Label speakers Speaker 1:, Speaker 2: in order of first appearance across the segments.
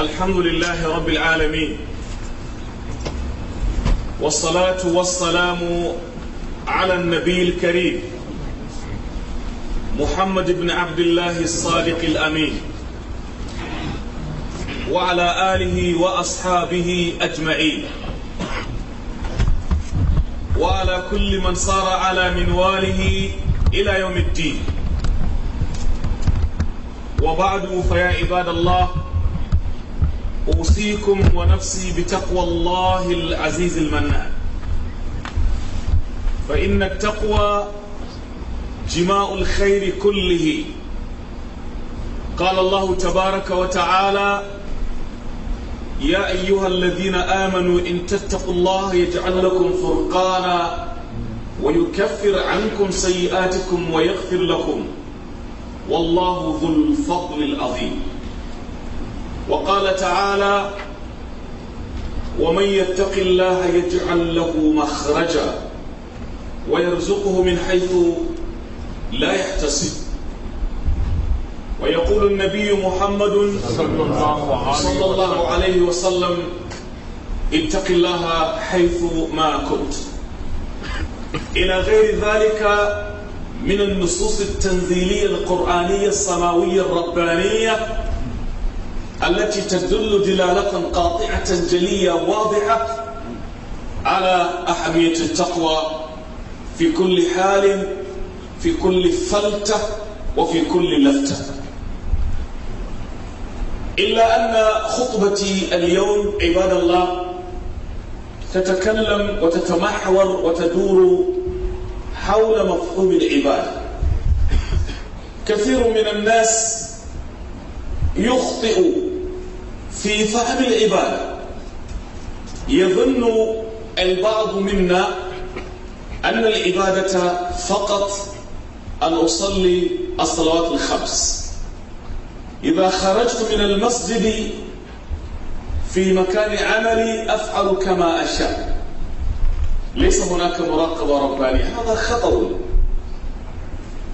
Speaker 1: الحمد لله رب العالمين والصلاة والسلام على النبي الكريم محمد بن عبد الله الصادق الأمين وعلى آله وأصحابه أجمعين وعلى كل من صار على منواله إلى يوم الدين وبعد فيا عباد الله أوصيكم ونفسي بتقوى الله العزيز المنان فإن التقوى جماء الخير كله قال الله تبارك وتعالى يا أيها الذين آمنوا إن تتقوا الله يجعل لكم فرقانا ويكفر عنكم سيئاتكم ويغفر لكم والله ذو الفضل العظيم وقال تعالى ومن يتق الله يجعل له مخرجا ويرزقه من حيث لا يحتسب ويقول النبي محمد صلى الله عليه وسلم اتق الله حيث ما كنت إلى غير ذلك من النصوص التنزيلية القرآنية السماوية الربانية التي تدل دلالة قاطعة جلية واضحة على أهمية التقوى في كل حال في كل فلتة وفي كل لفتة إلا أن خطبتي اليوم عباد الله تتكلم وتتمحور وتدور حول مفهوم العبادة كثير من الناس يخطئ في فهم العبادة يظن البعض منا أن العبادة فقط أن أصلي الصلوات الخمس إذا خرجت من المسجد في مكان عملي أفعل كما أشاء ليس هناك مراقبة ربانية هذا خطر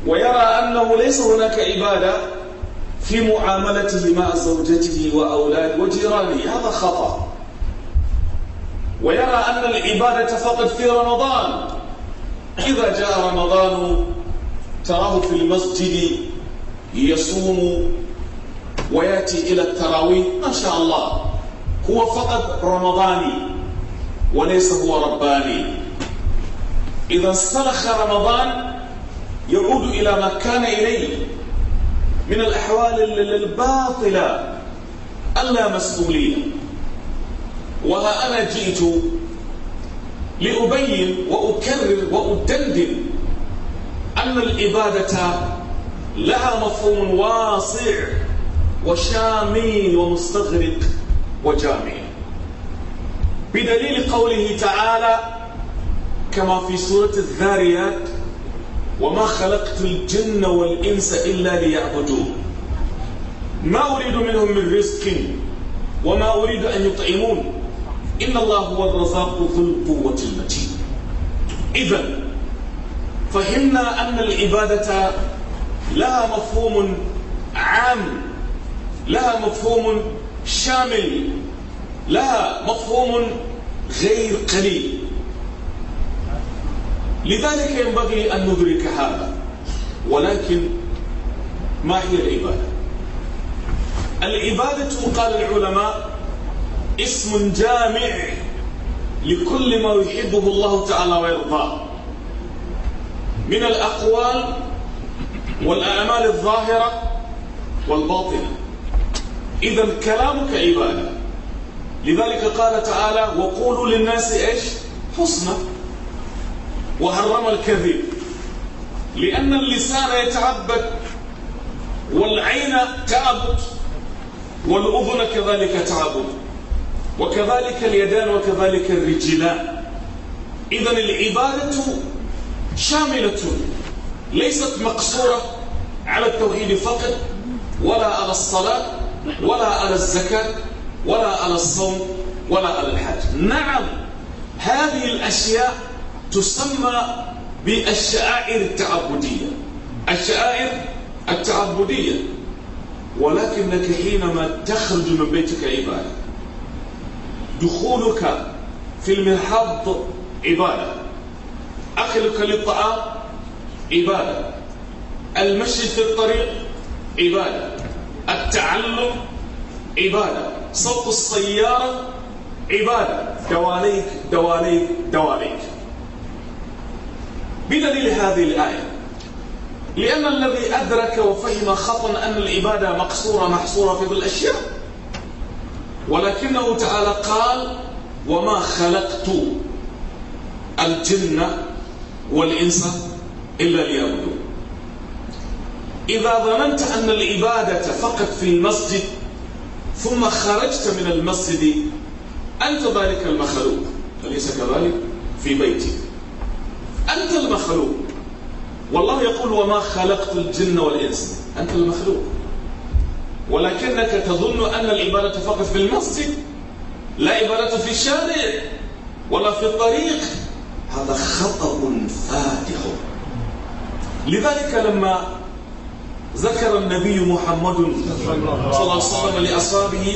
Speaker 1: ويرى أنه ليس هناك عبادة في معاملته مع زوجته وأولاده وجيرانه هذا خطأ ويرى أن العبادة فقط في رمضان إذا جاء رمضان تراه في المسجد يصوم ويأتي إلى التراويح ما شاء الله هو فقط رمضاني وليس هو رباني إذا انسلخ رمضان يعود إلى ما كان إليه من الأحوال الباطلة اللامسؤولية وها أنا جئت لأبين وأكرر وأدندن أن الإبادة لها مفهوم واسع وشامل ومستغرق وجامع بدليل قوله تعالى كما في سورة الذاريات وما خلقت الجن والإنس إلا ليعبدون ما أريد منهم من رزق وما أريد أن يطعمون إن الله هو الرزاق ذو القوة المتين إذا فهمنا أن العبادة لها مفهوم عام لها مفهوم شامل لها مفهوم غير قليل لذلك ينبغي أن ندرك هذا ولكن ما هي العبادة العبادة قال العلماء اسم جامع لكل ما يحبه الله تعالى ويرضاه من الأقوال والأعمال الظاهرة والباطنة إذا كلامك عبادة لذلك قال تعالى وقولوا للناس إيش حسنى وحرم الكذب لأن اللسان يتعبد والعين تعبد والأذن كذلك تعبد وكذلك اليدان وكذلك الرجلان إذا العبادة شاملة ليست مقصورة على التوحيد فقط ولا على الصلاة ولا على الزكاة ولا على الصوم ولا على الحج نعم هذه الأشياء تسمى بالشعائر التعبدية الشعائر التعبدية ولكنك حينما تخرج من بيتك عبادة دخولك في المرحاض عبادة أكلك للطعام عبادة المشي في الطريق عبادة التعلم عبادة صوت السيارة عبادة دواليك دواليك دواليك بدليل هذه الآية لأن الذي أدرك وفهم خطأ أن العبادة مقصورة محصورة في الأشياء ولكنه تعالى قال وما خلقت الجن والإنس إلا ليعبدون إذا ظننت أن العبادة فقط في المسجد ثم خرجت من المسجد أنت ذلك المخلوق أليس كذلك في بيتك أنت المخلوق والله يقول وما خلقت الجن والإنس أنت المخلوق ولكنك تظن أن العبادة فقط في المسجد لا عبادة في الشارع ولا في الطريق هذا خطأ فاتح لذلك لما ذكر النبي محمد صلى الله عليه وسلم لأصحابه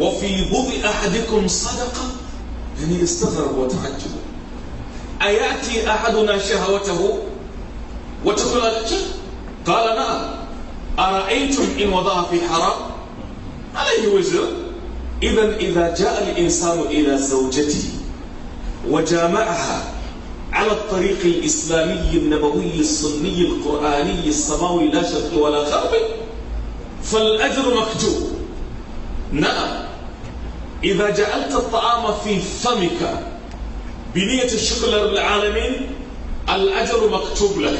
Speaker 1: وفي بضع أحدكم صدقة يعني استغرب وتعجب أيأتي أحدنا شهوته وتدخل قال نعم أرأيتم إن وضعها في حرام عليه وزر إذا إذا جاء الإنسان إلى زوجته وجامعها على الطريق الإسلامي النبوي السني القرآني السماوي لا شرق ولا غرب فالأجر مكتوب نعم إذا جعلت الطعام في فمك بنية الشكر لرب العالمين الأجر مكتوب لك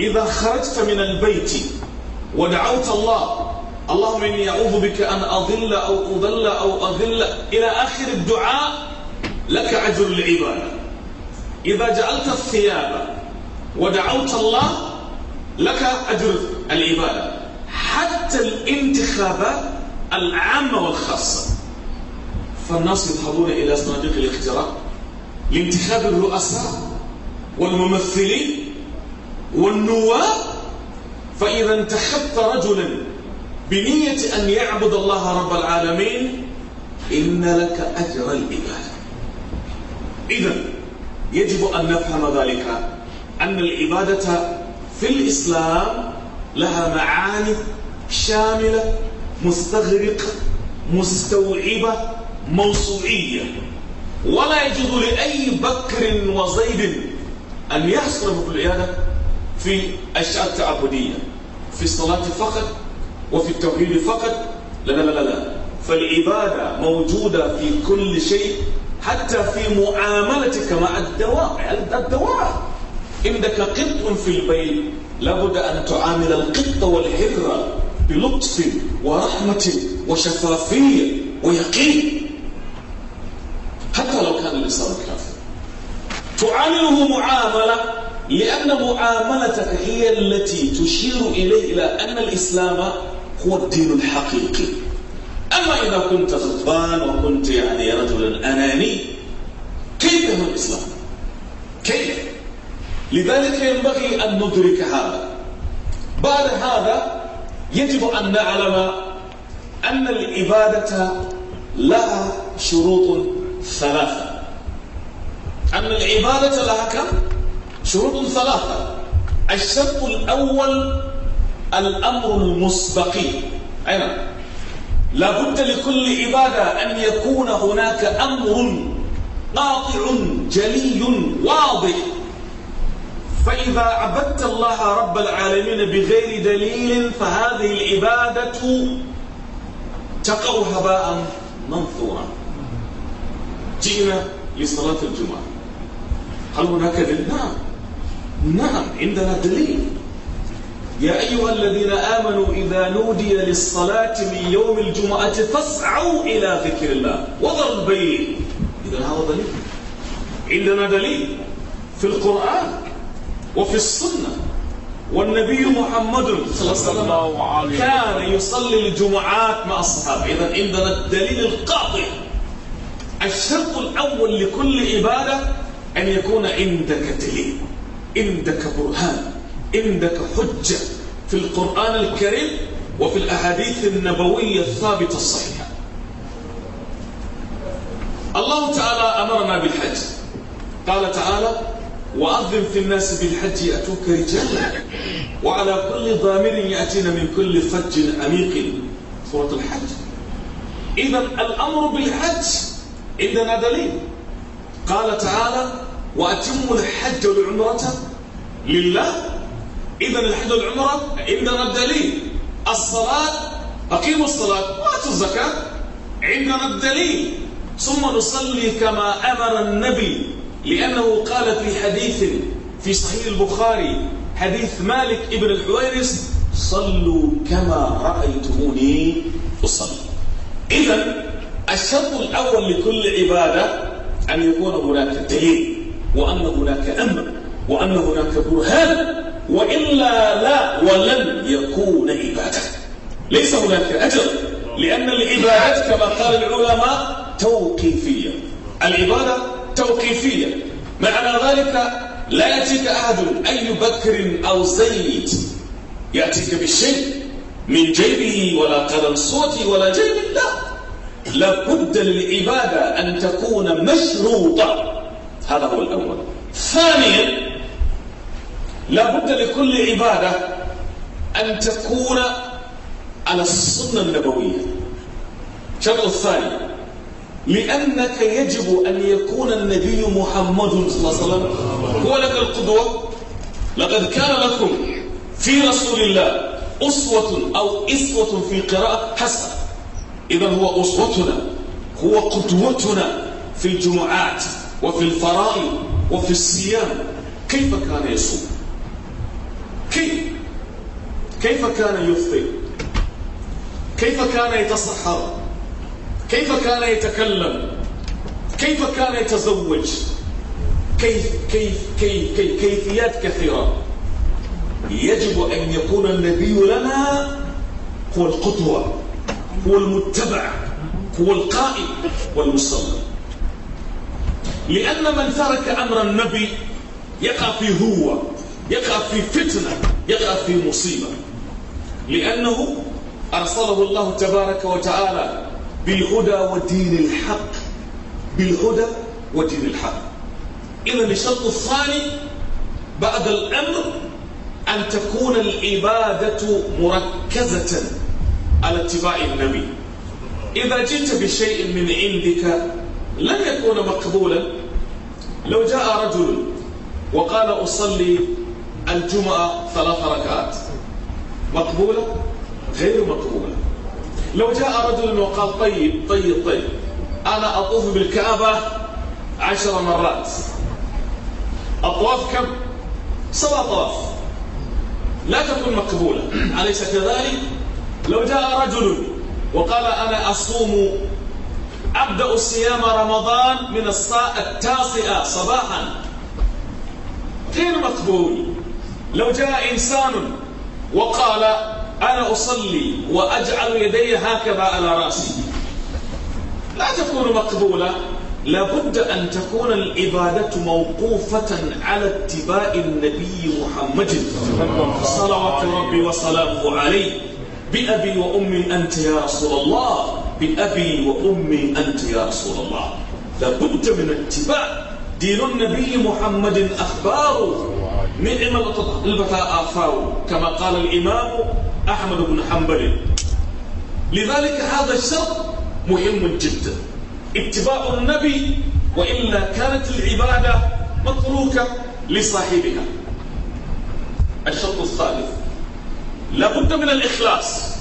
Speaker 1: إذا خرجت من البيت ودعوت الله اللهم إني أعوذ بك أن أضل أو أضل أو أذل إلى آخر الدعاء لك أجر العبادة إذا جعلت الثياب ودعوت الله لك أجر العبادة حتى الانتخابات العامة والخاصة فالناس يذهبون إلى صناديق الاقتراع لانتخاب الرؤساء والممثلين والنواب فإذا انتخبت رجلا بنية أن يعبد الله رب العالمين إن لك أجر الإبادة إذا يجب أن نفهم ذلك أن العبادة في الإسلام لها معاني شاملة مستغرقة مستوعبة موسوعية ولا يجوز لأي بكر وزيد أن يصرف العيادة في أشياء التعبدية في الصلاة فقط وفي التوحيد فقط لا لا لا لا فالعبادة موجودة في كل شيء حتى في معاملتك مع الدواء الدواء عندك قط في البيت لابد أن تعامل القط والحرة بلطف ورحمة وشفافية ويقين لسان الكافر تعامله معاملة لأن معاملتك هي التي تشير إليه إلى أن الإسلام هو الدين الحقيقي أما إذا كنت غضبان وكنت يعني رجلا أناني كيف هو الإسلام؟ كيف؟ لذلك ينبغي أن ندرك هذا بعد هذا يجب أن نعلم أن العبادة لها شروط ثلاثة أن العبادة لها كم؟ شروط ثلاثة الشرط الأول الأمر المسبقي أين؟ لابد لكل عبادة أن يكون هناك أمر قاطع جلي واضح فإذا عبدت الله رب العالمين بغير دليل فهذه العبادة تقع هباء منثورا جئنا لصلاة الجمعة هل هناك دليل؟ نعم نعم عندنا دليل يا أيها الذين آمنوا إذا نودي للصلاة من يوم الجمعة فاسعوا إلى ذكر الله وذروا البيع إذا هذا دليل عندنا دليل في القرآن وفي السنة والنبي محمد صلى الله عليه وسلم كان يصلي الجمعات مع الصحابة إذا عندنا الدليل القاطع الشرط الأول لكل عبادة أن يكون عندك دليل عندك برهان عندك حجة في القرآن الكريم وفي الأحاديث النبوية الثابتة الصحيحة الله تعالى أمرنا بالحج قال تعالى وأظلم في الناس بالحج يأتوك رجالا وعلى كل ضامر يأتينا من كل فج عميق سورة الحج إذا الأمر بالحج عندنا دليل قال تعالى وأتموا الحج والعمرة لله إذا الحج والعمرة عندنا الدليل الصلاة أقيموا الصلاة وآتوا الزكاة عندنا الدليل ثم نصلي كما أمر النبي لأنه قال في حديث في صحيح البخاري حديث مالك ابن الحويرس صلوا كما رأيتموني أصلي إذا الشرط الأول لكل عبادة أن يكون هناك دليل وأن هناك أمر وأن هناك برهان وإلا لا ولن يكون عبادة ليس هناك أجر لأن العبادات كما قال العلماء توقيفية العبادة توقيفية معنى ذلك لا يأتيك أحد أي بكر أو زيد يأتيك بالشيء من جيبه ولا قلم صوتي ولا جيب لا لابد للعبادة أن تكون مشروطة هذا هو الأول ثانيا لابد لكل عبادة أن تكون على السنة النبوية الشرط الثاني لأنك يجب أن يكون النبي محمد صلى الله عليه وسلم هو لك القدوة لقد كان لكم في رسول الله أسوة أو إسوة في قراءة حسنة إذا هو أسوتنا هو قدوتنا في الجمعات وفي الفرائض وفي الصيام كيف كان يصوم كيف كيف كان يفطر كيف كان يتصحر كيف كان يتكلم كيف كان يتزوج كيف كيف كيف, كيف كيفيات كثيرة يجب أن يكون النبي لنا هو القدوة هو المتبع هو القائد والمصلي لأن من ترك أمر النبي يقع في هو يقع في فتنة يقع في مصيبة لأنه أرسله الله تبارك وتعالى بالهدى ودين الحق بالهدى ودين الحق إذا الشرط الثاني بعد الأمر أن تكون العبادة مركزة على اتباع النبي إذا جئت بشيء من عندك لن يكون مقبولا لو جاء رجل وقال أصلي الجمعة ثلاث ركعات مقبولة غير مقبولة لو جاء رجل وقال طيب طيب طيب أنا أطوف بالكعبة عشر مرات أطواف كم؟ سبع طواف لا تكون مقبولة أليس كذلك؟ لو جاء رجل وقال أنا أصوم أبدأ صيام رمضان من الصاء التاسعة صباحا غير مقبول لو جاء إنسان وقال أنا أصلي وأجعل يدي هكذا على رأسي لا تكون مقبولة لابد أن تكون العبادة موقوفة على اتباع النبي محمد صلوات ربي وسلامه عليه بأبي وأمي أنت يا رسول الله بأبي وأمي أنت يا رسول الله لابد من اتباع دين النبي محمد أخباره نعم البتاء آثاره كما قال الإمام أحمد بن حنبل لذلك هذا الشرط مهم جدا اتباع النبي وإلا كانت العبادة متروكة لصاحبها الشرط الثالث لابد من الإخلاص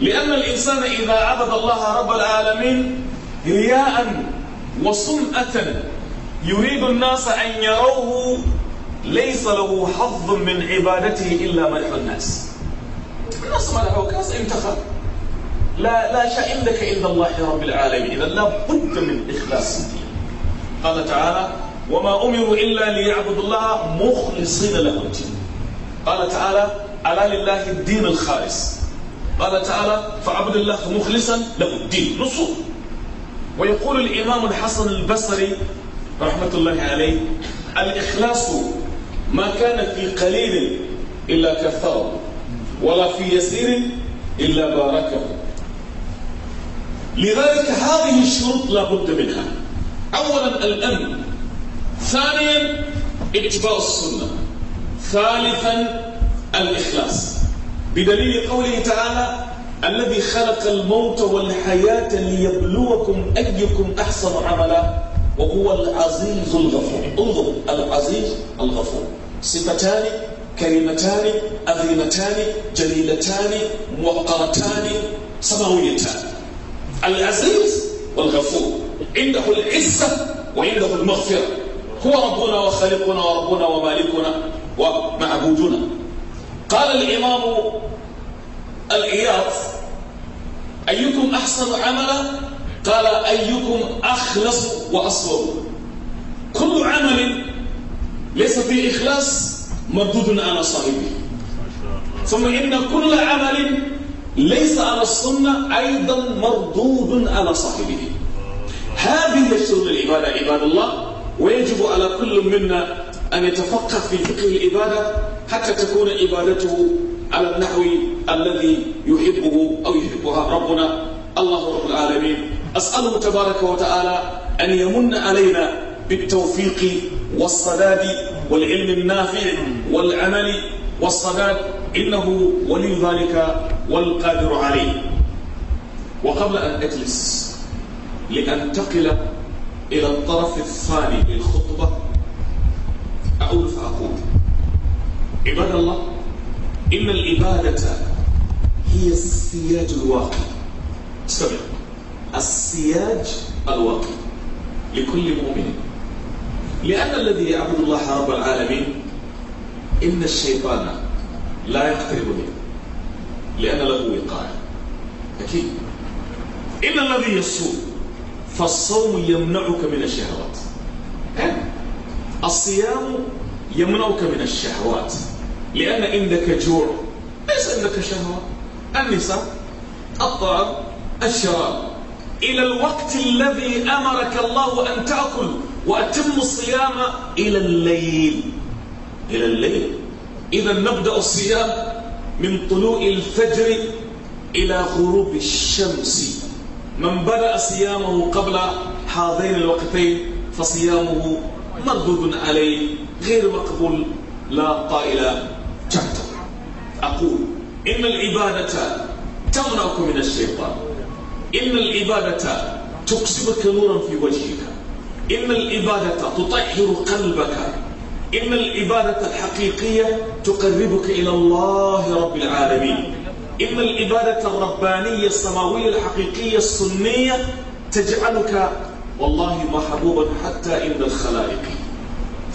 Speaker 1: لأن الإنسان إذا عبد الله رب العالمين رياء وصمأة يريد الناس أن يروه ليس له حظ من عبادته إلا مدح الناس الناس مدحوك الناس انتخب لا لا شيء عندك إلا الله رب العالمين إذا لا بد من إخلاص الدين قال تعالى وما أمروا إلا ليعبدوا الله مخلصين له الدين قال تعالى ألا لله الدين الخالص قال تعالى فعبد الله مخلصا له الدين نصوص ويقول الإمام الحسن البصري رحمة الله عليه الإخلاص ما كان في قليل إلا كثره ولا في يسير إلا باركه لذلك هذه الشروط لا بد منها أولا الأمن ثانيا اتباع السنة ثالثا الإخلاص بدليل قوله تعالى الذي خلق الموت والحياة ليبلوكم أيكم أحسن عملا وهو العزيز الغفور انظر العزيز الغفور صفتان كريمتان عظيمتان جليلتان موقرتان سماويتان العزيز والغفور عنده العزة وعنده المغفرة هو ربنا وخالقنا وربنا ومالكنا ومعبودنا قال الإمام الإياض أيكم أحسن عملا قال أيكم أخلص وأصوب كل عمل ليس فيه إخلاص مردود على صاحبه ثم إن كل عمل ليس على السنة أيضا مردود على صاحبه هذه هي العبادة عباد الله ويجب على كل منا أن يتفقه في فقه العبادة حتى تكون عبادته على النحو الذي يحبه أو يحبها ربنا الله رب العالمين أسأله تبارك وتعالى أن يمن علينا بالتوفيق والصداد والعلم النافع والعمل والصداد إنه ولي ذلك والقادر عليه وقبل أن أجلس لأنتقل إلى الطرف الثاني للخطبة أعود فأقول عباد الله إن العبادة هي السياج الواقي استمع السياج الواقي لكل مؤمن لأن الذي يعبد الله رب العالمين إن الشيطان لا يقترب منه لأن له وقاية أكيد إن الذي يصوم فالصوم يمنعك من الشهوات الصيام يمنعك من الشهوات لأن عندك جوع ليس عندك شهوة النساء الطعام الشراب إلى الوقت الذي أمرك الله أن تأكل وأتم الصيام إلى الليل إلى الليل إذا نبدأ الصيام من طلوع الفجر إلى غروب الشمس من بدأ صيامه قبل هذين الوقتين فصيامه مردود عليه غير مقبول لا قائل تحت أقول إن العبادة تمنعك من الشيطان إن العبادة تكسبك نورا في وجهك إن العبادة تطهر قلبك إن العبادة الحقيقية تقربك إلى الله رب العالمين إن العبادة الربانية السماوية الحقيقية السنية تجعلك والله محبوبا حتى عند الخلائق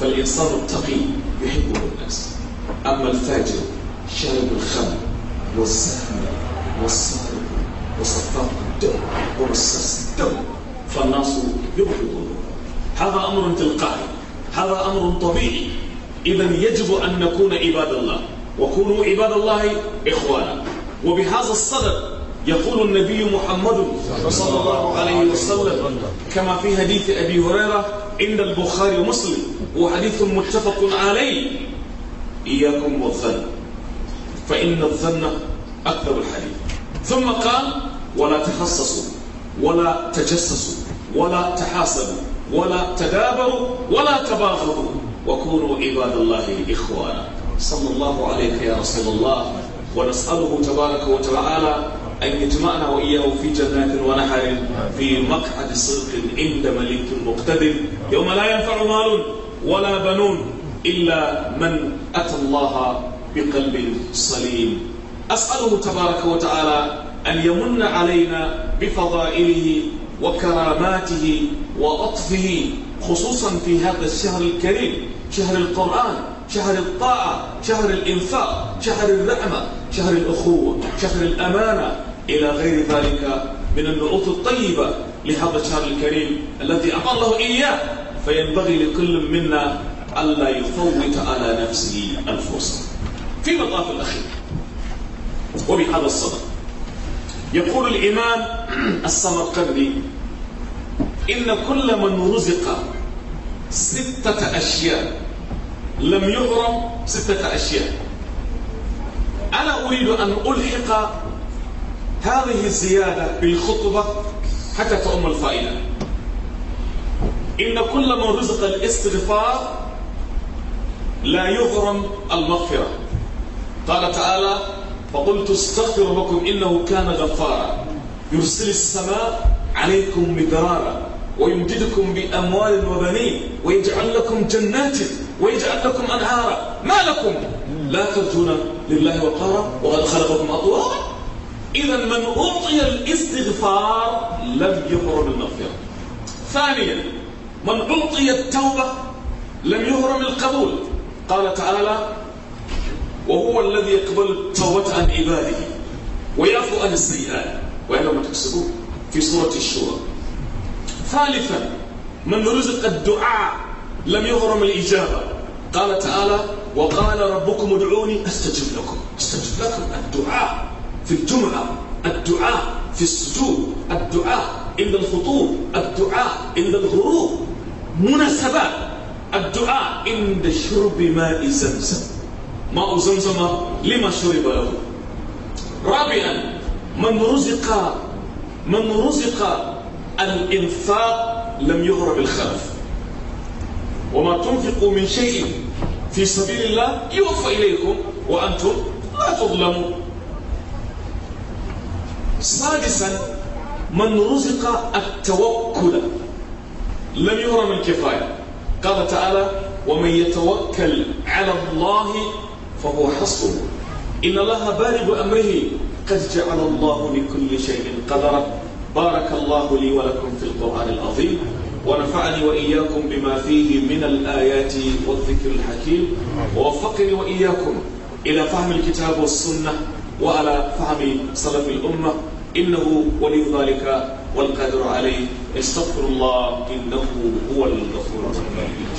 Speaker 1: فالإنسان التقي يحبه الناس أما الفاجر شارب الخمر والسهم والصارم وصفاق الدم ومساس الدم فالناس يبغضون هذا أمر تلقائي هذا أمر طبيعي إذا يجب أن نكون عباد الله وكونوا عباد الله إخوانا وبهذا الصدد يقول النبي محمد صلى الله عليه وسلم كما في حديث أبي هريرة عند البخاري ومسلم وحديث متفق عليه إياكم والظن فإن الظن أكثر الحديث ثم قال ولا تخصصوا ولا تجسسوا ولا تحاسبوا ولا تدابروا ولا تباغضوا وكونوا عباد الله إخوانا صلى الله عليك يا رسول الله ونسأله تبارك وتعالى أن يجمعنا وإياه في جنات ونحر في مقعد صدق عند ملك مقتدر يوم لا ينفع مال ولا بنون إلا من أتى الله بقلب سليم أسأله تبارك وتعالى أن يمن علينا بفضائله وكراماته وأطفه خصوصا في هذا الشهر الكريم شهر القرآن شهر الطاعة شهر الإنفاق شهر الرحمة شهر الأخوة شهر الأمانة إلى غير ذلك من النعوت الطيبة لهذا الشهر الكريم الذي أعطى الله إياه فينبغي لكل منا ألا يفوت على نفسه الفرصة في مطاف الأخير وبهذا الصدد يقول الإمام السمرقندي إن كل من رزق ستة أشياء لم يغرم ستة أشياء أنا أريد أن ألحق هذه الزيادة بالخطبة حتى تؤم الفائدة إن كل من رزق الاستغفار لا يغرم المغفرة قال تعالى فقلت استغفر ربكم إنه كان غفارا يرسل السماء عليكم مدرارا ويمددكم بأموال وبنين ويجعل لكم جنات ويجعل لكم أنهارا ما لكم لا ترجون لله وقارا وقد خلقكم أطوارا إذا من أعطي الاستغفار لم يهرم المغفرة ثانيا من أعطي التوبة لم يهرم القبول قال تعالى وهو الذي يقبل التوبة عن عباده ويعفو عن السيئات وإلا ما تكسبون في سورة الشورى ثالثا من رزق الدعاء لم يهرم الإجابة قال تعالى وقال ربكم ادعوني استجب لكم استجب لكم الدعاء في الجمعة الدعاء في السجود الدعاء عند الخطوب الدعاء عند الغروب مناسبات الدعاء عند شرب ماء زمزم ماء زمزم لما شرب له رابعا من رزق من رزق الإنفاق لم يغرب الخلف وما تنفقوا من شيء في سبيل الله يوفى إليكم وأنتم لا تظلمون سادسا من رزق التوكل لم يهرم الكفاية قال تعالى ومن يتوكل على الله فهو حصره إن الله بارب أمره قد جعل الله لكل شيء قدرا بارك الله لي ولكم في القرآن العظيم ونفعني وإياكم بما فيه من الآيات والذكر الحكيم ووفقني وإياكم إلى فهم الكتاب والسنة وعلى فهم سلف الأمة إنه ولي ذلك والقادر عليه استغفر الله إنه هو الغفور الرحيم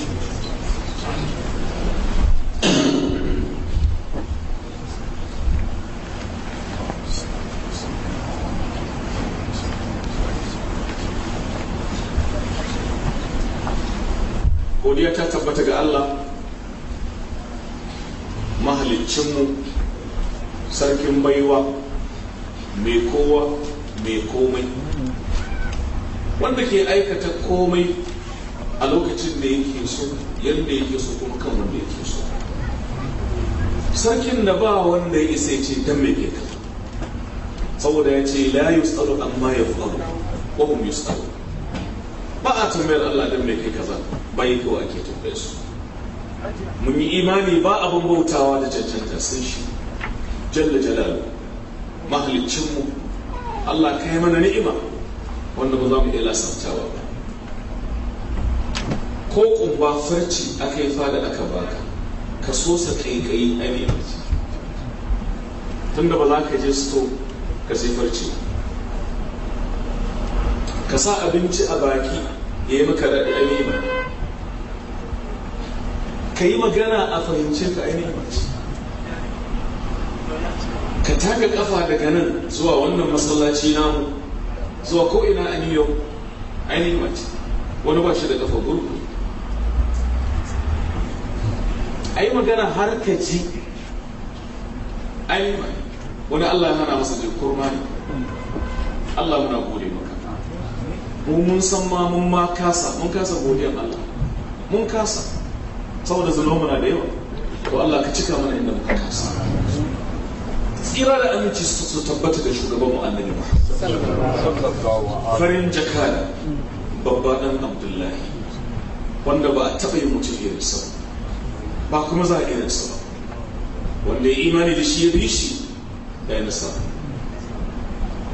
Speaker 1: godiya ta tabbata ga Allah mahaliccinmu sarkin baiwa mai kowa mai komai wanda ke aikata komai a lokacin da yake so yadda yake so kuma kan wanda yake so sarkin da ba wanda ya isa ce dan mai ke saboda ya ce la yus'alu amma yaf'alu wa hum yus'alu ba a tambayar Allah dan mai ke kaza ba yi kawai ake tambayar su mun yi imani ba abin bautawa da cancanta sai shi jalla jalal mahalicinmu Allah ka yi mana ni'ima wanda ba za mu iya lasaftawa ba ko kumba farci aka yi fada aka baka ka so sa kai a tunda ba za ka je sto ka sai farci ka sa abinci a baki ya yi maka raɗi a ka yi magana a fahimce ka ainihin ka taka kafa daga nan zuwa wannan masallaci namu zuwa ko ina a new york ainihin mace wani ba shi da kafa gurgu a yi magana har ka ji ainihin wani allah ya hana masa kurma ne allah muna gode maka mu mun san ma mun ma kasa mun kasa godiyar allah mun kasa saboda zunoma na da yawa to allah ka cika mana inda muka kasa tsira da aminci su tabbata da shugabanmu annabi farin jakada babba dan abdullahi wanda ba a taɓa yin mutum irinsa ba kuma za a irinsa ba wanda ya imani da shi ya bi shi ya yi nasara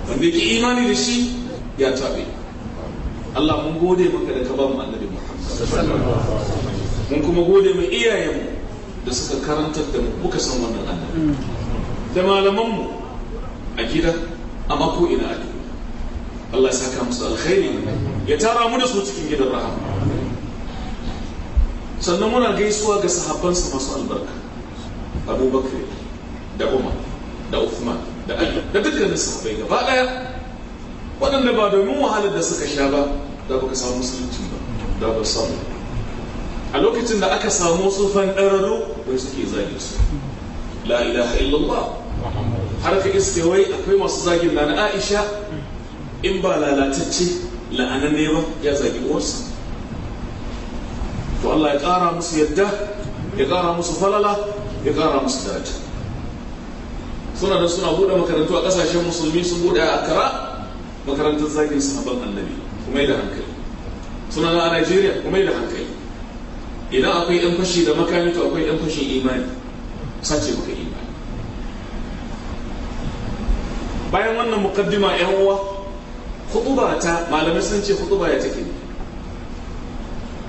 Speaker 1: wanda ya ki imani da shi ya taɓe Allah mun gode maka da ka ba mu annabi Muhammad mun kuma gode mai iyayenmu da suka karantar da mu muka san wannan annabi da malamanmu a gida a mako ina a duniya Allah ya saka musu alkhairi ya tara mu da su cikin gidan rahama sannan muna gaisuwa ga sahabbansa masu albarka abubakar da umar da uthman da ali da dukkanin sahabbai gaba daya waɗanda ba domin wahalar da suka sha ba da baka samu musulunci ba da ba samu a lokacin da aka samu tsufan ɗararru wai suke zage su la ilaha illallah har ka iske wai akwai masu zagin na na aisha in ba lalatacce la'anan ne ba ya zagi uwarsa to Allah ya ƙara musu yadda ya ƙara musu falala ya ƙara musu daraja suna da suna buɗe makarantu a ƙasashen musulmi sun buɗe a kara makarantar zagin sahabban annabi kuma da hankali suna na a Najeriya kuma da hankali idan akwai 'yan fashi da makami to akwai 'yan fashin imani sace maka imani bayan wannan mukaddima yan uwa khutuba ta malamai sun ce khutuba ya take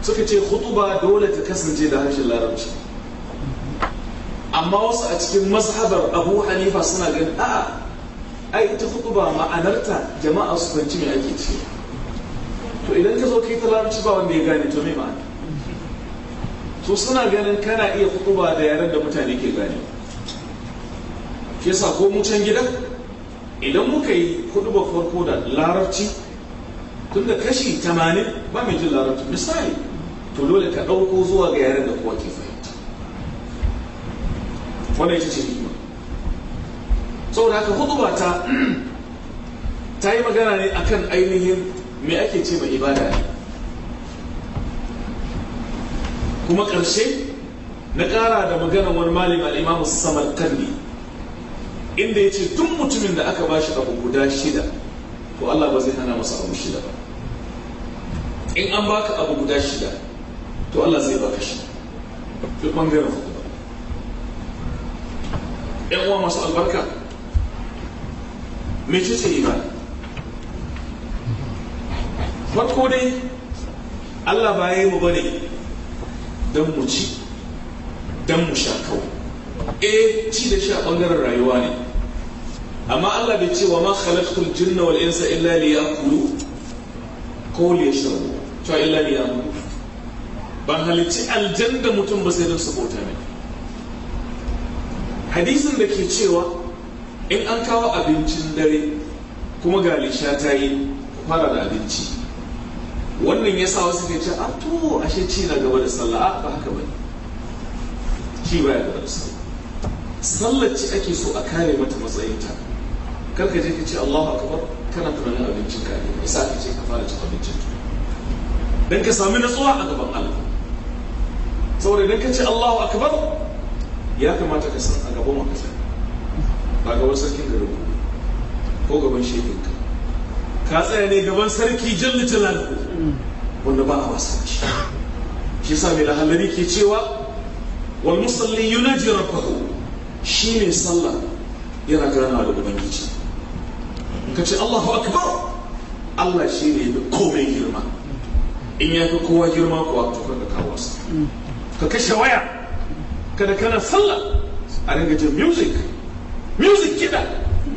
Speaker 1: suka ce khutuba dole ta kasance da harshen larabci amma wasu a cikin mazhabar abu hanifa suna ganin a'a ai ita khutuba ma'anarta jama'a su fahimci me ake ce to idan ka zo kai ta larabci ba wanda ya gane to me ma'ana to suna ganin kana iya khutuba da yaren da mutane ke gane Ke sa ko mu can gidan idan muka yi hudu ba farko da larabci tun da kashi tamanin ba mai jin larabci misali to dole ka ɗauko zuwa ga yaren da kowa ke fahimta wannan ita ce hikima saboda haka hudu ba ta ta yi magana ne akan ainihin me ake ce mai ibada ne kuma ƙarshe na ƙara da maganar wani malima al'imamu samarkandi inda ya ce duk mutumin da aka bashi abu guda shida to Allah ba zai hana masa abu shida ba in an baka abu guda shida to Allah zai baka shi duk bangaren fuku ba yan uwa masu albarka mai ce imani farko dai Allah ba ya yi mu ne don mu ci don mu sha kawai eh ci da sha bangaren rayuwa ne amma Allah bai ce wa ma khalaqtul jinna wal insa illa liyakulu qul yashrabu to illa liyakulu ban halicci aljanna mutum ba sai don su bauta ne hadisin da ke cewa in an kawo abincin dare kuma ga lisha ta yi ku fara da abinci wannan ya sa wasu ke ce a ah, to ashe ci na gaba da sallah ah, ba haka ba ci baya gaba da sallah sallah ci ake so a kare mata matsayinta kar ka je ka ce Allahu akabar kana tunanin abincin ka ne yasa ka ce ka fara cin abincin dan ka sami nutsuwa a gaban Allah saboda idan ka ce Allahu akbar ya kamata ka san a gaban sai ba gaban sarkin garin ko gaban shekin ka ka tsaya ne gaban sarki jalla jalaluhu wanda ba a wasa shi shi yasa mai lahalari ke cewa wal musalli yunaji rabbahu shi ne sallah yana ganawa da ubangiji ka ce Allahu akbar Allah shi ne ya komai girma in ya fi kowa girma kuwa to ka kawo sa ka kashe waya kada kana sallah a ringa jin music music kiɗa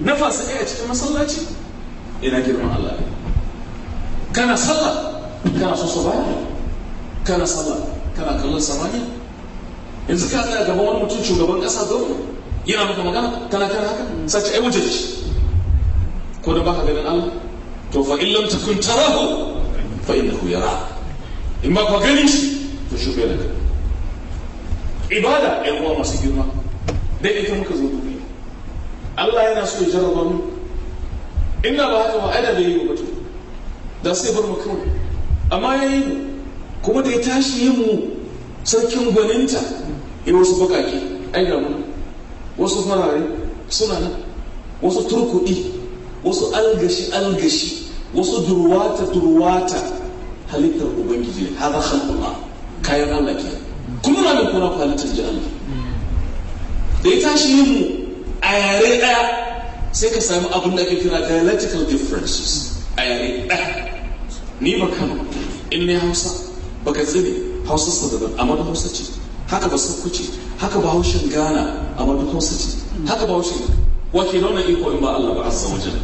Speaker 1: na fasika cikin masallaci ina girman Allah ne kana sallah kana so sabaya kana sallah kana kallon samaniya yanzu ka tsaya gaban wani mutum shugaban ƙasa don yana maka magana kana kana haka sace ai wajen shi ko da baka ganin Allah to fa in lam takun tarahu fa innahu yara in ba ka gani shi to shi bai daga ibada ɗan uwa masu girma dai ita muka zo duniya Allah yana so ya jarraba mu inna ba haka ba ada da yi ba to da sai bar mu kawai amma ya yi mu kuma da ya tashi yi mu sarkin gwaninta in wasu bakaki ai ga mu wasu farare suna nan wasu turkuɗi wasu algashi algashi wasu durwata durwata halittar ubangiji ne hada khalqullah kayan Allah ke kuma na da kuna halittar ji Allah da ya tashi yin mu a yare daya sai ka sami abin da ake kira dialectical differences a yare daya ni ba Kano in ne Hausa ba ka tsine Hausa sadaban amma da Hausa ce haka ba Kuce, haka ba haushin Ghana amma da Hausa ce haka ba haushin wake nuna iko in ba Allah ba azza wajal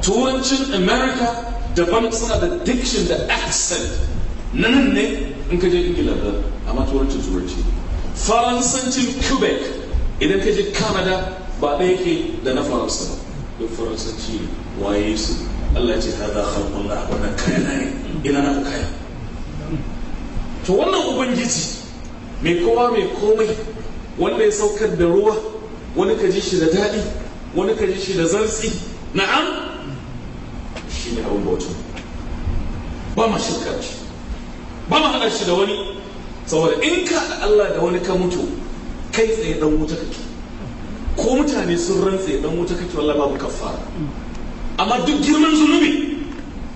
Speaker 1: turancin america daban suna da diction da accent nan ne in ka je ingila da amma turancin turanci faransancin quebec idan ka je canada ba ɗaya ke da na faransa ba duk faransanci waye su Allah ce ta hada khalqullah wannan na ne ina na kaya to wannan ubangiji mai kowa mai komai wanda ya saukar da ruwa wani ka ji shi da daɗi wani ka ji shi da zartsi na'am shi ne abin bautan ba ma shirka shi ba ma haɗa shi da wani saboda in ka haɗa Allah da wani ka mutu kai tsaye dan wuta kake ko mutane sun rantse dan wuta kake wallahi babu kafara amma duk girman zunubi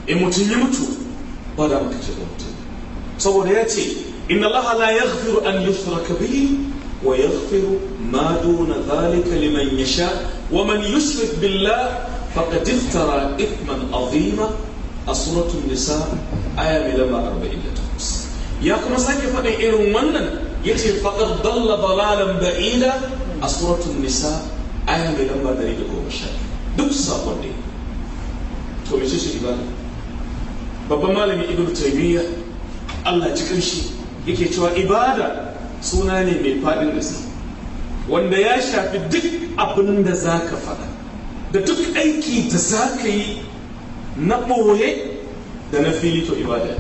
Speaker 1: in mutum ya mutu ba da maka ce da mutum saboda ya ce inna allaha la yaghfiru an yushraka bihi wa yaghfiru ma duna zalika liman yasha ومن يشرك بالله فقد افترى إثما عظيما أصورة النساء آية لما أربعين لتقص يا كما ساكي فقد إيرون ونن يتي فقد ضل ضلالا بعيدا أصورة النساء آية لما دريد قوم الشاك دب ساقون دي to mai ce ibada babban malami ibn taymiya Allah cikin shi yake cewa ibada suna ne mai wanda ya shafi duk abin da za ka faɗa da duk aiki da za ka yi na ɓoye da na fili to ibada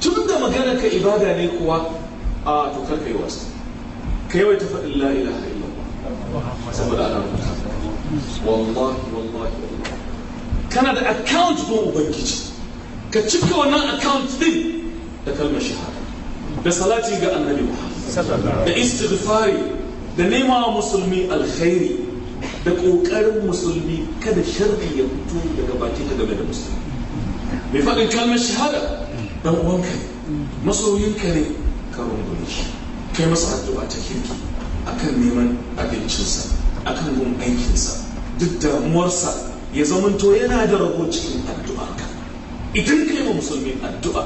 Speaker 1: tun da magana ka ibada ne kuwa a to karka yi wasu ka yawai ta faɗin la ilaha illallah saboda ana rubuta wallahi wallahi wallahi kana da account ko ubangiji ka cika wannan account din da kalmar shahada da salati ga annabi muhammad da istighfari da nema musulmi alkhairi da ƙoƙarin musulmi kada sharri ya fito daga bakin ka game da musulmi mai faɗin kalmar shahada dan uwanka ne masoyinka ne ka rungume shi kai masa addu'a ta kirki akan neman abincinsa akan gun aikinsa duk damuwarsa ya zamanto yana da rago cikin addu'arka idan kai wa musulmi addu'a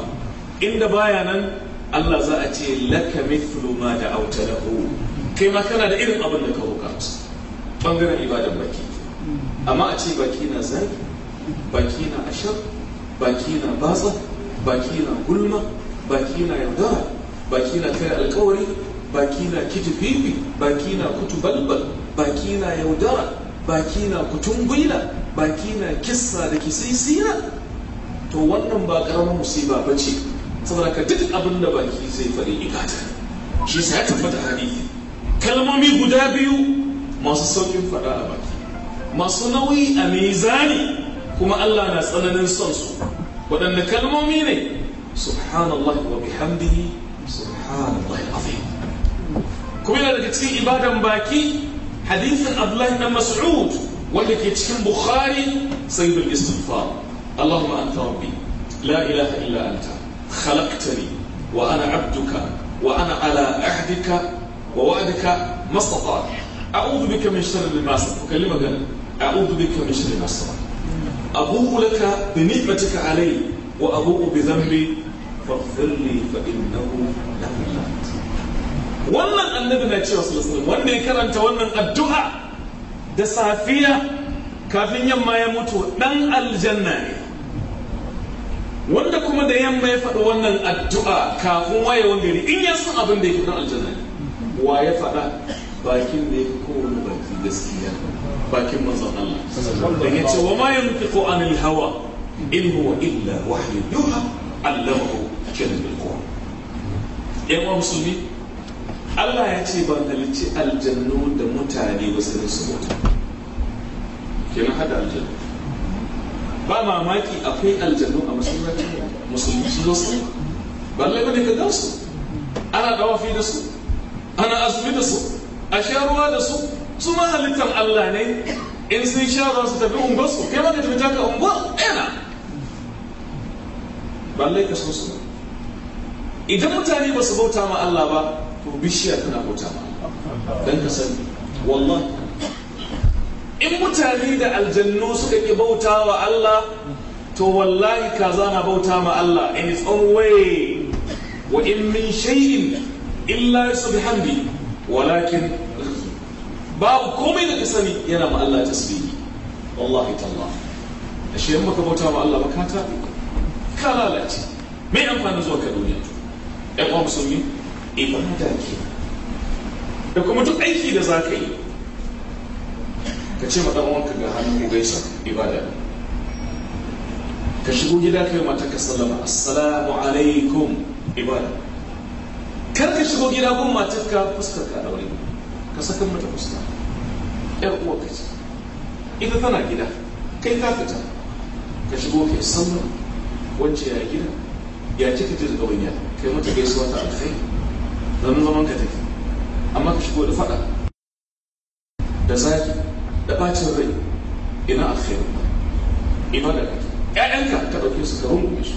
Speaker 1: inda baya nan Allah za a ce laka mithlu ma da auta lahu kai ma kana da irin abin da ka roka musu bangaren ibadan baki amma a ce baki na zagi baki na ashar baki na batsa baki na gulma baki na yaudara baki na kai alkawari baki na kitififi baki na kutubalbal baki na yaudara baki na kutungwila baki na kissa da kisisira to wannan ba karamin musiba ba ce saboda ka duk abin da baki zai fari ikata shi sa ya tabbata hadisi kalmomi guda biyu masu saukin faɗa a baki masu nauyi a mizani kuma Allah na tsananin son su waɗanne kalmomi ne subhanallah wa bihamdihi subhanallah azim kuma yana daga cikin ibadan baki hadisin Abdullahi na Mas'ud wanda ke cikin Bukhari sayyidul istighfar Allahumma anta rabbi la ilaha illa anta خلقتني وأنا عبدك وأنا على عهدك ووعدك ما استطعت أعوذ بك من شر ما استطعت أكلمك أعوذ بك من شر ما استطعت أبوء لك بنعمتك علي وأبوء بذنبي فاغفر لي فإنه لم يغفر wannan annabi na cewa sallallahu wanda ya karanta wannan addu'a da safiya kafin yamma ya mutu dan aljanna ne wanda kuma da yamma ya faɗa wannan addu'a kafin wayewan gari in ya san abin da yake nan aljanna wa ya faɗa bakin da yake kowane baki gaskiya bakin manzon Allah ya ce wa ma yantiqu anil hawa in huwa illa wahyu yuha allamahu kalimul qur'an yan uwa musulmi Allah ya ce ban halicci aljannu da mutane ba su da su mutu kenan hada aljannu ba mamaki akwai aljanu a masallacin musulmi su zo su ba ne bane ka gansu ana dawafi da su ana azumi da su a sha ruwa da su su ma halittar Allah ne in sun sha ruwa su tafi unguwar su kai ma ka tafi taka unguwar yana eh ba lai ka so su idan mutane ba su bauta ma Allah ba to bishiya tana bauta ma Allah dan ka sani wallahi in mutane da aljannu suka yi bauta wa Allah to wallahi ka zana bauta ma Allah in its own way wa in min shay'in illa subhanbi walakin babu komai da ka sani yana ma Allah tasbihi wallahi tallahi ashe in baka bauta ma Allah ba ka ka lalace me amfani zuwa ka duniya ɗan uwa musulmi ibada ke da kuma duk aiki da za ka yi ka ce ma ka ga hannu gaisa ibada ka shigo gida kai mata ka sallama assalamu alaikum ibada kar ka shigo gida gun ka fuskar ka daure ka saka mata fuska yar uwa ka ce ita tana gida kai ka fita ka shigo kai sallama wacce ya gida ya ci ka ji daga wani kai mata gaisuwa ta alfai zaman zaman ka tafi amma ka shigo da faɗa da zaki da bacin rai ina alkhairu ina da kake ƴaƴanka ka ɗauke su ka rungume su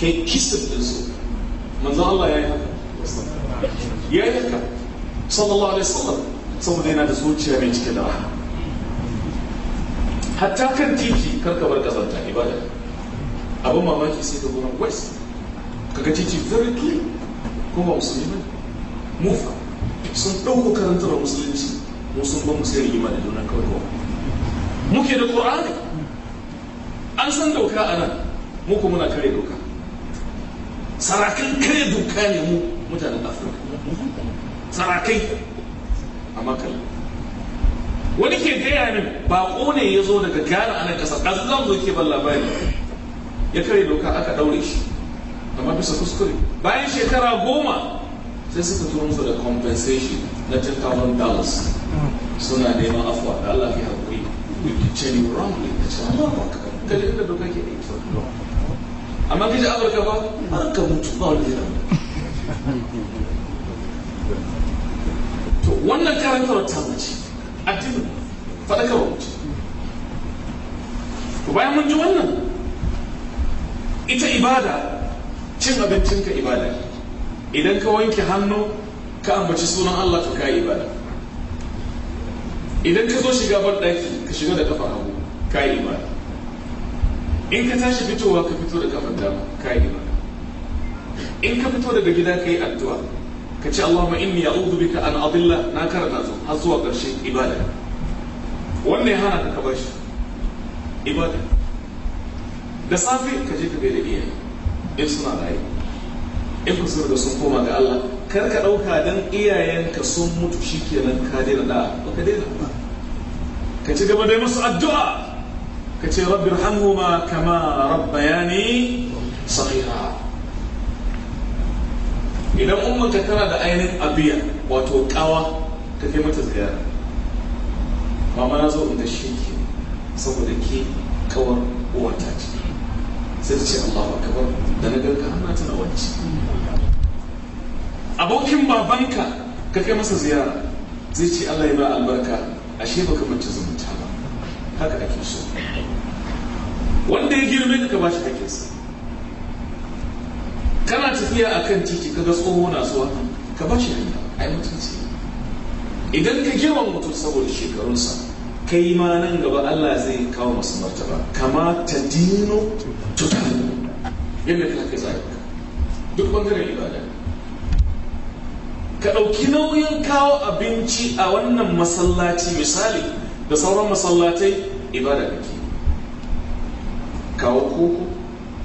Speaker 1: kai kisan din su manzon Allah ya yi haka ya yi haka sallallahu alaihi wasallam saboda yana da zuciya mai cike da rahama hatta kan titi karka bar kazanta ibada abin mamaki sai ka gona west kaga titi very clean kuma musulmi ne mufa sun ɗauko karantar musulunci mu sun ba mu yi mana da juna kawai Mu muke da qur'ani an san doka a nan mu kuma muna kare doka Sarakai kare doka ne mu mutanen afirka sarakai amma kalli wani ke gaya min bako ne ya zo daga gana a nan ƙasa ɗazan zo ke ban labari ya kare doka aka ɗaure shi amma bisa kuskure bayan shekara goma sai suka turo musu da compensation na 10,000 dollars suna neman afuwa da Allah ya haƙuri you teach any wrongly da ce Allah ba ka ka da doka ke yi amma kaje Amurka ba har ka mutu ba wani yana to wannan karantar ta mace addini faɗakarwa mace to bayan mun ji wannan ita ibada cin abincinka ibada idan ka wanke hannu ka ambaci sunan Allah to ka ibada idan ka zo shiga ban ɗaki ka shiga da kafa hagu ka yi ibada in ka tashi fitowa ka fito da kafar dama ka yi ibada in ka fito daga gida ka yi addu'a ka ce ma inni a'udhu bika an adilla na karanta su har zuwa ƙarshe ibada wanne ya hana ka bashi ibada da safe ka je ka da iyaye in suna raye in kusur da sun koma ga Allah kar ka ɗauka don iyayenka sun mutu shi nan ka daina ɗa ba ka daina ka ci gaba da musu addu'a ka ce rabbi ma kama rabbayani saghira idan ummanka tana da ainihin abiya wato kawa ka kai mata ziyara mama na zo in ga shi ke saboda ke kawar uwata ce sai ta ce Allahu akbar da na ganka hannata na wacce abokin babanka ka kai masa ziyara zai ce Allah ya ba albarka ashe baka mace zumunta ba haka ake so wanda ya girme ka ba shi hakinsa kana tafiya a kan titi ga tsoho na zuwa ka ba shi hanya yi mutunci idan ka girma mutum saboda shekarunsa kai ma nan gaba Allah zai kawo masu martaba kama ta dino tutar yadda ka kai zai duk bangaren ibada ka ɗauki nauyin kawo abinci a wannan masallaci misali da sauran masallatai ibada da ke kawo koko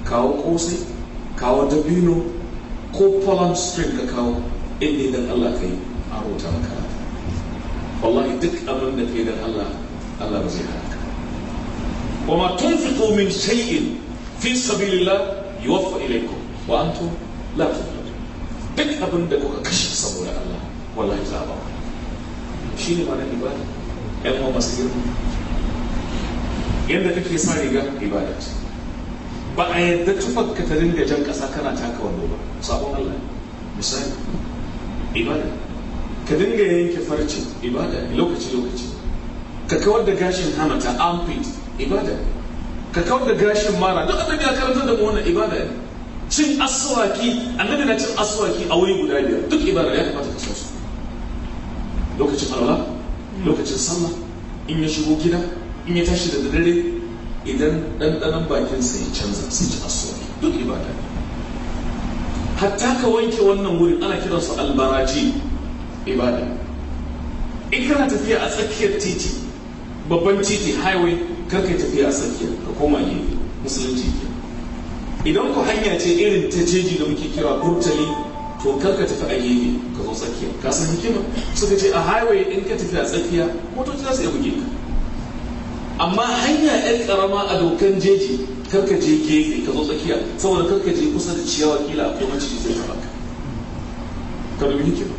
Speaker 1: kawo kosai kawo dabino ko palm spring ka kawo inda idan allah ka yi a rota makarata wallahi duk abin da kai dan allah allah ba zai haka wa ma tunfiqu min shay'in fi sabilillah yuwaffa ilaykum wa antum la tuflihun duk abin da kuka kashe saboda Allah wallahi za ba shi ne mana ibada ɗan uwa masu girma yadda kake sa riga ibada ce ba a yadda tufar ka ta dinga jan ƙasa kana taka wando ba sabon Allah misali ibada ka dinga yanke farcin ibada lokaci lokaci ka kawar da gashin hamata armpit ibada ka kawar da gashin mara duk abin da ya karanta da mu wannan ibada ne cin asuwaki, annabi na cin asuwaki a wuri guda biyar duk ibada ya kamata ka so su lokacin alwala hmm. lokacin sallah in ya shigo gida in ya tashi da dare idan ɗanɗanon bakinsa ya canza sai ci asuwaki. duk ibada ne hatta ka wanke wannan wurin ana kiransu albaraji ibada in kana tafiya a tsakiyar titi babban titi highway kar ka tafiya a tsakiyar ka koma gefe musulunci ke idan ku hanya ce irin ta jeji da muke kira burtali to kar ka tafi a gefe ka zo tsakiya ka san hikima suka ce a highway in ka tafi a tsakiya motoci za su iya buge ka amma hanya yan karama a dokan jeji kar ka je gefe ka zo tsakiya saboda kar ka je kusa da ciyawa kila ko maciji zai taba ka ka dubi hikima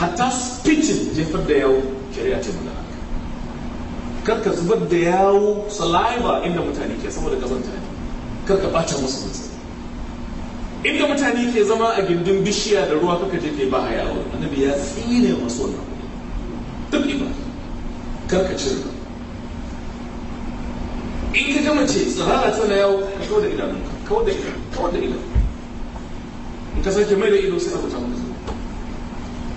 Speaker 1: hatta spitting jefar da yawo shari'a ce haka kar ka zubar da yawo saliva inda mutane ke saboda kazanta ne kakka ɓata musu mutum inda mutane ke zama a gindin bishiya da ruwa kaka je ke ba hayawa annabi ya tsine masu wannan duk iba karka cire in ka gama ce tsirara tana yawo ka kawo da idanun ka kawo da idanun kawo da idanun in ka sake mai da ido sai abu ta maka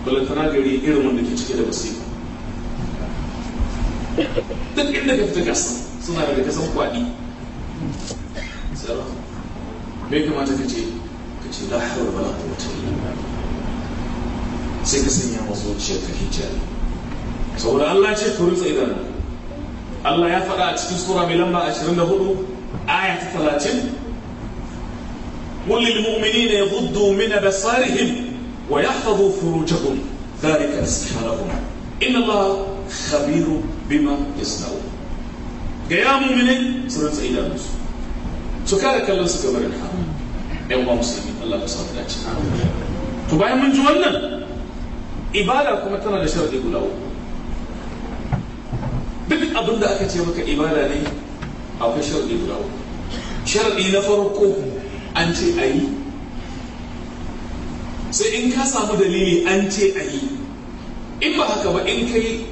Speaker 1: balantana gari irin wanda ke cike da basira duk inda ka fita gasa suna da kasan kwaɗi fassara me kamata ka ce ka ce la hawla wala quwwata illa billah sai ka sanya wa zuciyar ka hijabi saboda Allah ce ku rutsa idan Allah ya faɗa a cikin sura mai lamba 24 aya ta 30 قل للمؤمنين يغضوا من بصارهم ويحفظوا فروجهم ذلك أزكى لهم إن الله خبير بما يصنعون ga ya mummune su rantsa idanunsu su kare kallon su gabar da haram yan uwa musulmi Allah ka sauka dace to bayan mun ji wannan ibada kuma tana da sharadi guda uku duk abin da aka ce maka ibada ne akwai sharadi guda uku sharadi na farko an ce a yi sai in ka samu dalili an ce a yi in ba haka ba in kai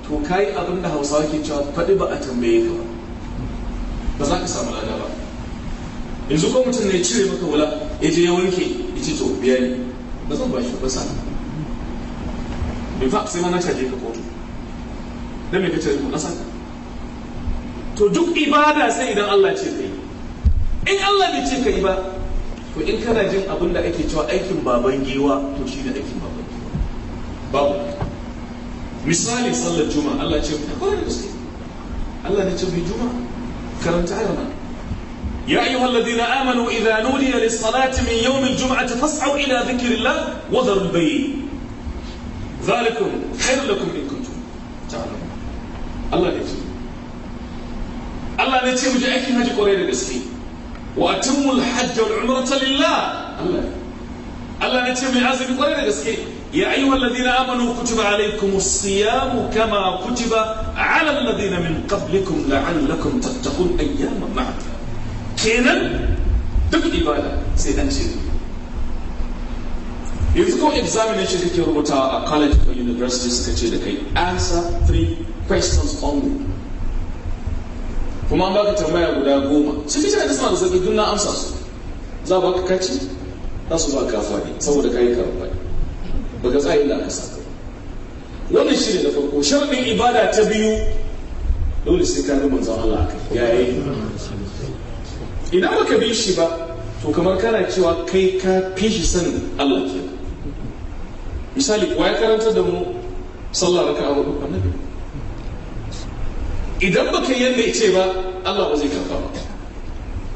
Speaker 1: to ka yi abin da hausawa ke cewa faɗi ba a tambaye ka ba ba za ka samu lada ba yanzu ko mutum ne cire maka wula ya je ya wanke ya ce to biya ne ba zan ba shi ba sa in fact sai ma na caje ka kotu dan me kace na saka to duk ibada sai idan Allah ce kai in Allah bai ce kai ba to in kana jin abin da ake cewa aikin baban giwa to shi ne aikin baban giwa babu misali sallar juma'a Allah ce ka kawai da gaske Allah ne ce mai juma'a karanta ayyana يا أيها الذين آمنوا إذا نودي للصلاة من يوم الجمعة فاسعوا إلى ذكر الله وذروا البيع ذلكم خير لكم إن كنتم تعلمون الله نتي الله نتي مجاك هاجي قرين الإسلام وأتم الحج والعمرة لله الله الله نتي مجاك قرين الإسلام يا أيها الذين آمنوا كتب عليكم الصيام كما كتب على الذين من قبلكم لعلكم تتقون أياما معكم kenan duk ibada sai an ce yanzu ko examination kake rubutawa a college or university suka ce da answer three questions only kuma an baka tambaya guda goma su fi da suna da sauƙi duk na amsa su za ba ka kaci za su ba ka fadi saboda ka yi karambani ba ka tsayin da aka saka wannan shi ne da farko sharaɗin ibada ta biyu dole sai ka ga manzon Allah ya yi idan baka bi shi ba to kamar kana cewa kai ka fi shi sanin Allah ke misali kuwa ya karanta da mu sallah raka a hudu annabi idan baka yadda ce ba Allah ba zai karba ba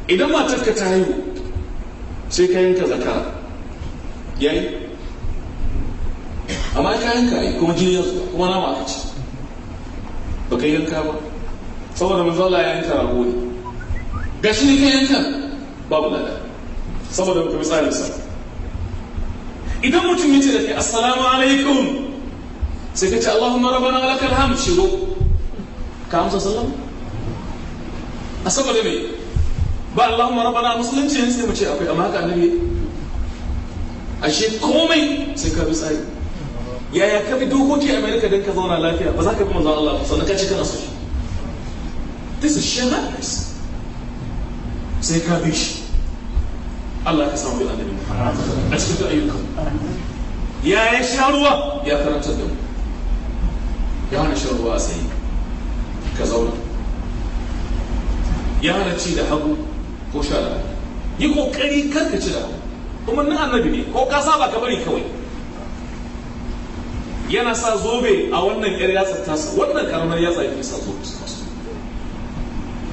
Speaker 1: idan matarka ta haihu sai ka yanka zaka yayi amma ka yanka yi kuma jini yanzu zuba kuma nama aka ce baka yanka ba saboda manzo Allah ya yanka rago ne ga shi ne ka kan babu lada saboda kuma tsarinsa idan mutum ya ce da kai assalamu alaikum sai ka ce allahumma rabbana lakal hamd shigo ka amsa sallam a saboda me ba allahumma rabbana musulunci ne sai mu ce akwai amma haka annabi ashe komai sai ka bi tsari yaya ka bi dokoki a amerika don ka zauna lafiya ba za ka bi manzon allah sannan ka ci kana so shi this is sheer madness sai ka bi shi Allah ka samu yana da mu a cikin ayyukan ya ya sha ruwa ya karanta da mu ya hana shan ruwa a tsaye ka zauna ya hana ci da hagu ko sha da yi kokari kar ka ci da hagu kuma na annabi ne ko ka saba ka bari kawai yana sa zobe a wannan yar yatsa tasa wannan karamar yatsa yake sa zobe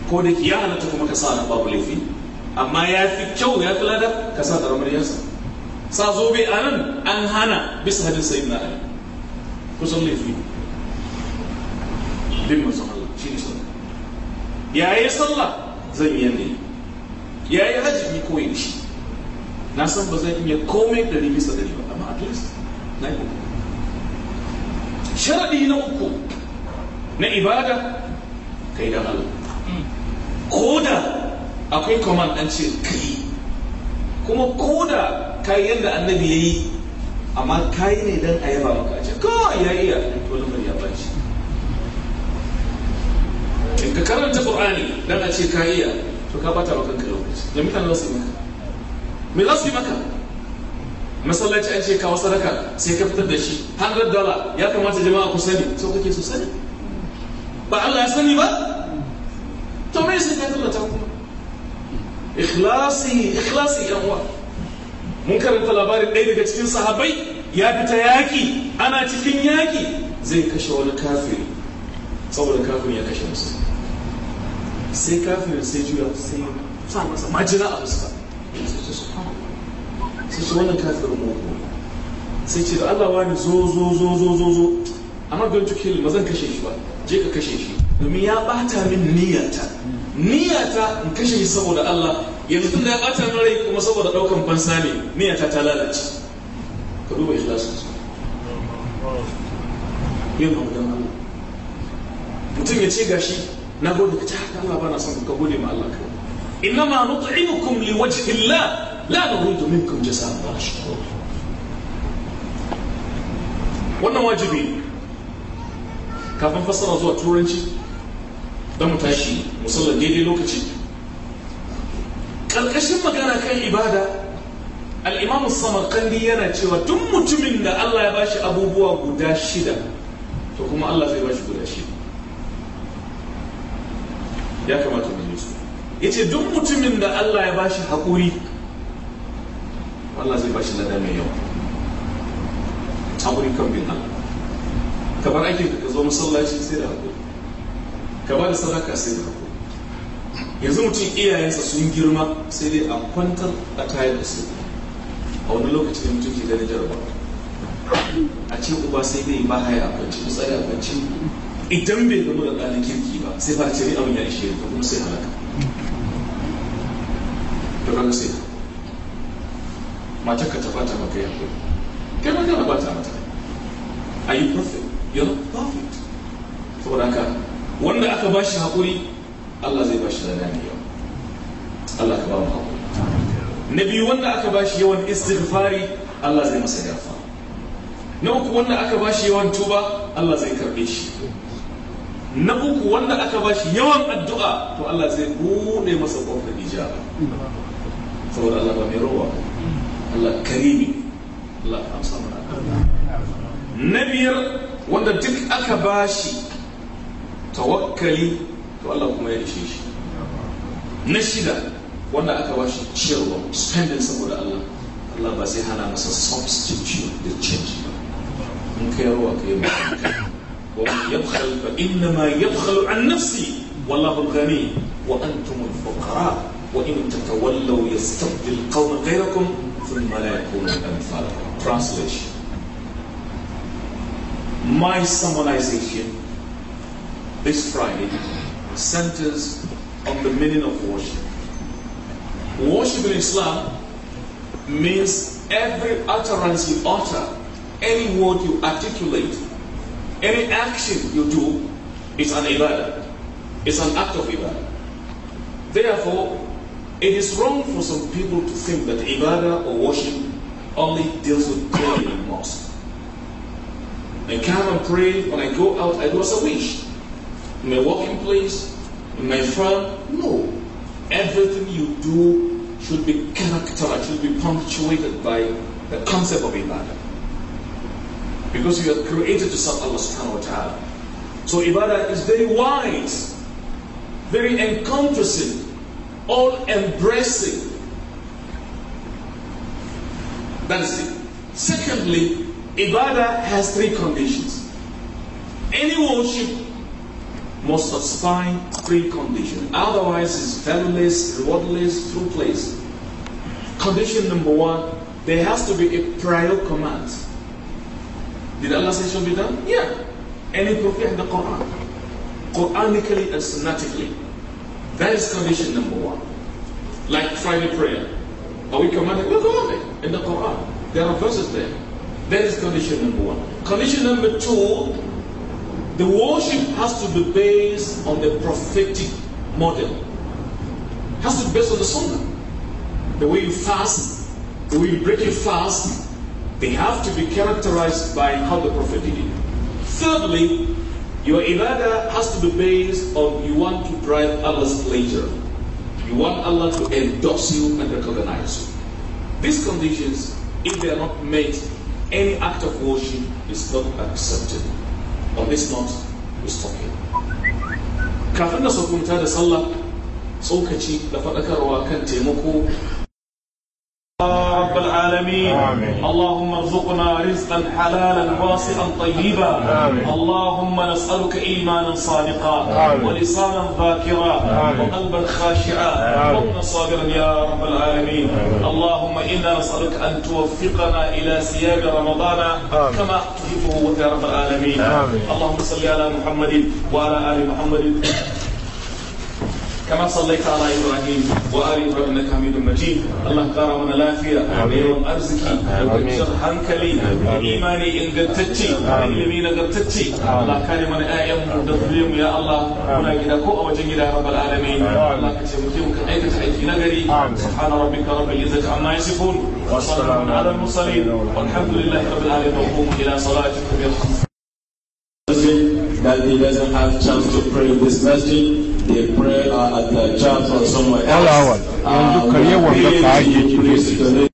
Speaker 1: ko da ya halatta kuma ka sa nan babu laifi amma ya fi kyau ya fi lada ka sa karamar yasa sa zobe a nan an hana bisa hadin sayin na ali kusan laifi bin masu Allah shi ne sallah ya yi sallah zan yi yadda ya yi hajji ni koyi da shi na san ba zan iya komai ɗari bisa ɗari ba amma at least na yi sharaɗi na uku na ibada kai da Allah ko da akwai command an ce kai kuma ko da ka yi yadda annabi ya yi amma ka yi ne don a yaba maka a ce kawai ya iya to lamar ya bace. in ka karanta qur'ani dan a ce ka iya to ka bata maka kanka lokaci da mutane za su yi maka me za su yi maka masallaci an ce kawo sadaka sai ka fitar da shi 100 dollar ya kamata jama'a ku sani so kake so sani ba Allah ya sani ba to me sun ya tallata kuma ikhlasi ikhlasi yan mun karanta labarin ɗaya daga cikin sahabai ya fita yaki ana cikin yaki. zai kashe wani kafiri saboda kafirin ya kashe musu sai kafirin sai juya sai sa majina a fuska sai ce wannan kafirin mugu sai ce da Allah wani zo zo zo zo zo zo I'm not going to kill him ba zan kashe shi ba je ka kashe shi domin ya bata min niyyata niyyata in kashe shi saboda Allah yanzu tun da ya bata min rai kuma saboda daukan fansa ne niyyata ta lalace ka duba ikhlasin yin abu da Allah mutum ya ce gashi na gode ka ta haka Allah bana son ka gode ma Allah ka. kai إنما نطعمكم لوجه الله لا نريد منكم جزاء ولا شكور wannan wajibi kafin fassara zuwa turanci don mu tashi musallar daidai lokaci ƙarƙashin magana kan ibada al'imamu samarkandi yana cewa tun mutumin da allah ya bashi abubuwa guda shida to kuma allah zai bashi guda shida ya kamata mu su ya ce duk mutumin da allah ya bashi haƙuri allah zai bashi lada mai yawa haƙuri kan bin allah kamar ake ka zo musallaci sai da haƙuri ka ba da sadaka sai da hakuri yanzu mutum iyayensa sun girma sai dai a kwantar a tayar da su a wani lokaci da mutum ke ganin jarba a ce uba sai dai ba haya a kwanci kutsari a kwanci idan bai gama da ɗanin kirki ba sai ba ce ni abin ya ishe ka kuma sai halaka to kaga sai matar ka ta bata maka yanko kai ma kana bata mata are you perfect you're not perfect saboda haka wanda aka ba shi haƙuri Allah zai ba shi lada mai yawa Allah ka ba mu haƙuri na biyu wanda aka ba shi yawan istighfari Allah zai masa yafa na uku wanda aka ba shi yawan tuba Allah zai karɓe shi na uku wanda aka ba shi yawan addu'a to Allah zai buɗe masa ƙofar ijaba saboda Allah ba mai rowa Allah karimi Allah amsa mana na biyar wanda duk aka ba shi tawakkali to Allah kuma ya ishe shi na shida wanda aka ba shi ciyarwa spending saboda Allah Allah ba zai hana masa substitution the change ba in ka yarwa ka yi ومن يبخل فإنما يبخل عن نفسه والله الغني وأنتم الفقراء وإن تتولوا يستبدل قوما غيركم ثم لا يكونوا أمثالكم Translation My summarization this Friday centers on the meaning of worship. Worship in Islam means every utterance you utter, any word you articulate, any action you do is an ibadah. It's an act of ibadah. Therefore, it is wrong for some people to think that ibadah or worship only deals with prayer in mosque. I come and pray, when I go out, I do as I wish in my working place, in my firm. No. Everything you do should be characterized, should be punctuated by the concept of ibadah. Because you are created to serve Allah subhanahu wa ta'ala. So ibadah is very wide, very encompassing, all embracing. That is it. Secondly, ibadah has three conditions. Any worship must satisfy three conditions. Otherwise, it's valueless, rewardless, fruitless. Condition number one, there has to be a prior command. Did Allah say it be done? Yeah. Any prophet in the Quran. Quranically and sunnatically. That is condition number one. Like Friday prayer. Are we commanded? We're commanded in the Quran. There are verses there. That is condition number one. Condition number two, the worship has to be based on the prophetic model. It has to be based on the sunnah. The way you fast, the way you break your fast, they have to be characterized by how the prophet did it. Thirdly, your ibadah has to be based on you want to drive Allah's pleasure. You want Allah to endorse you and recognize you. These conditions, if they are not met, any act of worship is not acceptable. on this note we kafin na saukunta da sallah tsokaci da faɗakarwa kan taimako رب العالمين آمين. اللهم ارزقنا رزقا حلالا واسعا طيبا آمين. اللهم نسألك إيمانا صادقا آمين. ولسانا ذاكرا وقلبا خاشعا وقنا صابرا يا رب العالمين اللهم إنا نسألك أن توفقنا إلى سياق رمضان آمين. كما تحبه يا رب العالمين آمين. اللهم صل على محمد وعلى آل محمد كما صليت على ابراهيم وال ابراهيم انك حميد مجيد الله كرمنا لا فيا اليوم ارزقي وكسر هنكلي ايماني ان قدتتي علمين ان قدتتي الله كرم انا ايام دفليم يا الله هنا كده كو او وجهي يا رب العالمين الله كتمتي وكايك تحيي في نجري سبحان ربك رب العزه عما يصفون وسلام على المرسلين والحمد لله رب العالمين وقوم الى صلاتكم يا رب That he doesn't have chance to pray in this message. they pray at the church or somewhere else. Uh, uh, we pray, you to donate